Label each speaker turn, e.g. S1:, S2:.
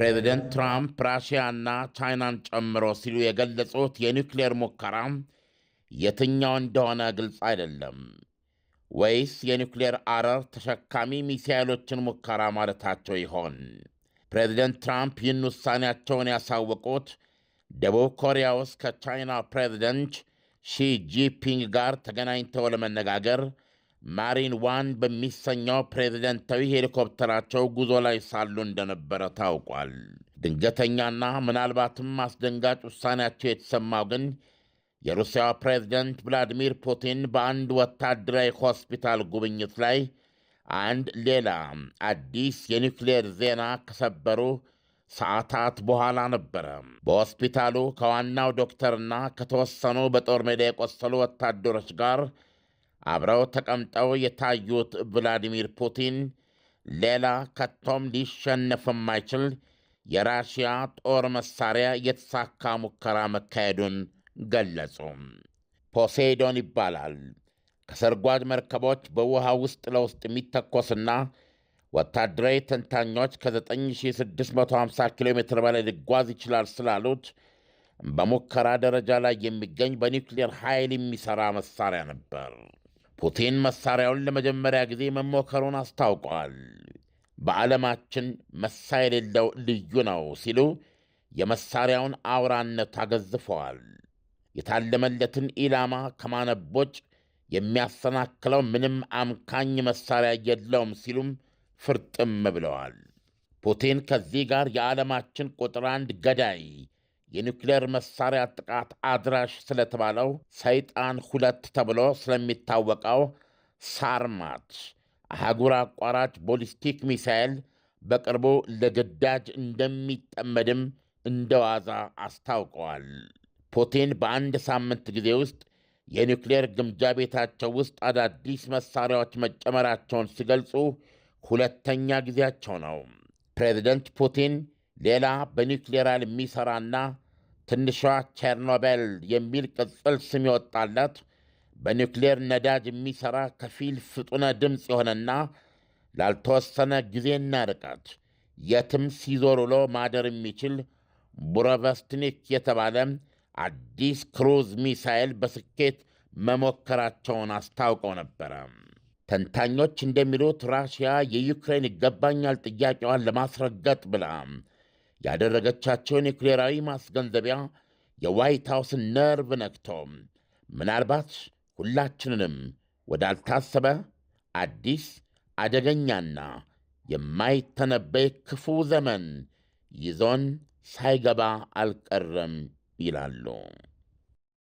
S1: ፕሬዚደንት ትራምፕ ራሽያና ቻይናን ጨምሮ ሲሉ የገለጹት የኒውክሌር ሙከራ የትኛው እንደሆነ ግልጽ አይደለም። ወይስ የኒውክሌር አረር ተሸካሚ ሚሳይሎችን ሙከራ ማለታቸው ይሆን? ፕሬዚደንት ትራምፕ ይህን ውሳኔያቸውን ያሳወቁት ደቡብ ኮሪያ ውስጥ ከቻይና ፕሬዚደንት ሺ ጋር ተገናኝተው ለመነጋገር ማሪን ዋን በሚሰኘው ፕሬዝደንታዊ ሄሊኮፕተራቸው ጉዞ ላይ ሳሉ እንደነበረ ታውቋል። ድንገተኛና ምናልባትም አስደንጋጭ ውሳኔያቸው የተሰማው ግን የሩሲያው ፕሬዝደንት ቭላዲሚር ፑቲን በአንድ ወታደራዊ ሆስፒታል ጉብኝት ላይ አንድ ሌላ አዲስ የኒውክሌር ዜና ከሰበሩ ሰዓታት በኋላ ነበረ። በሆስፒታሉ ከዋናው ዶክተርና ከተወሰኑ በጦር ሜዳ የቆሰሉ ወታደሮች ጋር አብረው ተቀምጠው የታዩት ቭላዲሚር ፑቲን ሌላ ከቶም ሊሸነፍ የማይችል የራሽያ ጦር መሳሪያ የተሳካ ሙከራ መካሄዱን ገለጹ። ፖሴይዶን ይባላል። ከሰርጓጅ መርከቦች በውሃ ውስጥ ለውስጥ የሚተኮስና ወታደራዊ ተንታኞች ከ9650 ኪሎ ሜትር በላይ ሊጓዝ ይችላል ስላሉት በሙከራ ደረጃ ላይ የሚገኝ በኒውክሌር ኃይል የሚሠራ መሳሪያ ነበር። ፑቲን መሳሪያውን ለመጀመሪያ ጊዜ መሞከሩን አስታውቋል። በዓለማችን መሳይ የሌለው ልዩ ነው ሲሉ የመሳሪያውን አውራነት አገዝፈዋል። የታለመለትን ኢላማ ከማነቦጭ የሚያሰናክለው ምንም አምካኝ መሳሪያ የለውም ሲሉም ፍርጥም ብለዋል። ፑቲን ከዚህ ጋር የዓለማችን ቁጥር አንድ ገዳይ የኒውክሌር መሳሪያ ጥቃት አድራሽ ስለተባለው ሰይጣን ሁለት ተብሎ ስለሚታወቀው ሳርማት አህጉር አቋራጭ ቦሊስቲክ ሚሳኤል በቅርቡ ለግዳጅ እንደሚጠመድም እንደ ዋዛ አስታውቀዋል። ፑቲን በአንድ ሳምንት ጊዜ ውስጥ የኒውክሌር ግምጃ ቤታቸው ውስጥ አዳዲስ መሳሪያዎች መጨመራቸውን ሲገልጹ ሁለተኛ ጊዜያቸው ነው። ፕሬዚደንት ፑቲን ሌላ ኃይል የሚሠራና ትንሿ ቸርኖቤል የሚል ቅጽል ስም የወጣለት በኒውክሌር ነዳጅ የሚሠራ ከፊል ፍጡነ ድምፅ የሆነና ላልተወሰነ ጊዜና ርቀት የትም ሲዞር ውሎ ማደር የሚችል ቡረቨስትኒክ የተባለ አዲስ ክሩዝ ሚሳኤል በስኬት መሞከራቸውን አስታውቀው ነበረ። ተንታኞች እንደሚሉት ራሽያ የዩክሬን ይገባኛል ጥያቄዋን ለማስረገጥ ብላ ያደረገቻቸውን የኩሌራዊ ማስገንዘቢያ የዋይት ሃውስን ነርቭ ነክቶ ምናልባት ሁላችንንም ወዳልታሰበ አዲስ አደገኛና የማይተነበይ ክፉ ዘመን ይዞን ሳይገባ አልቀረም ይላሉ።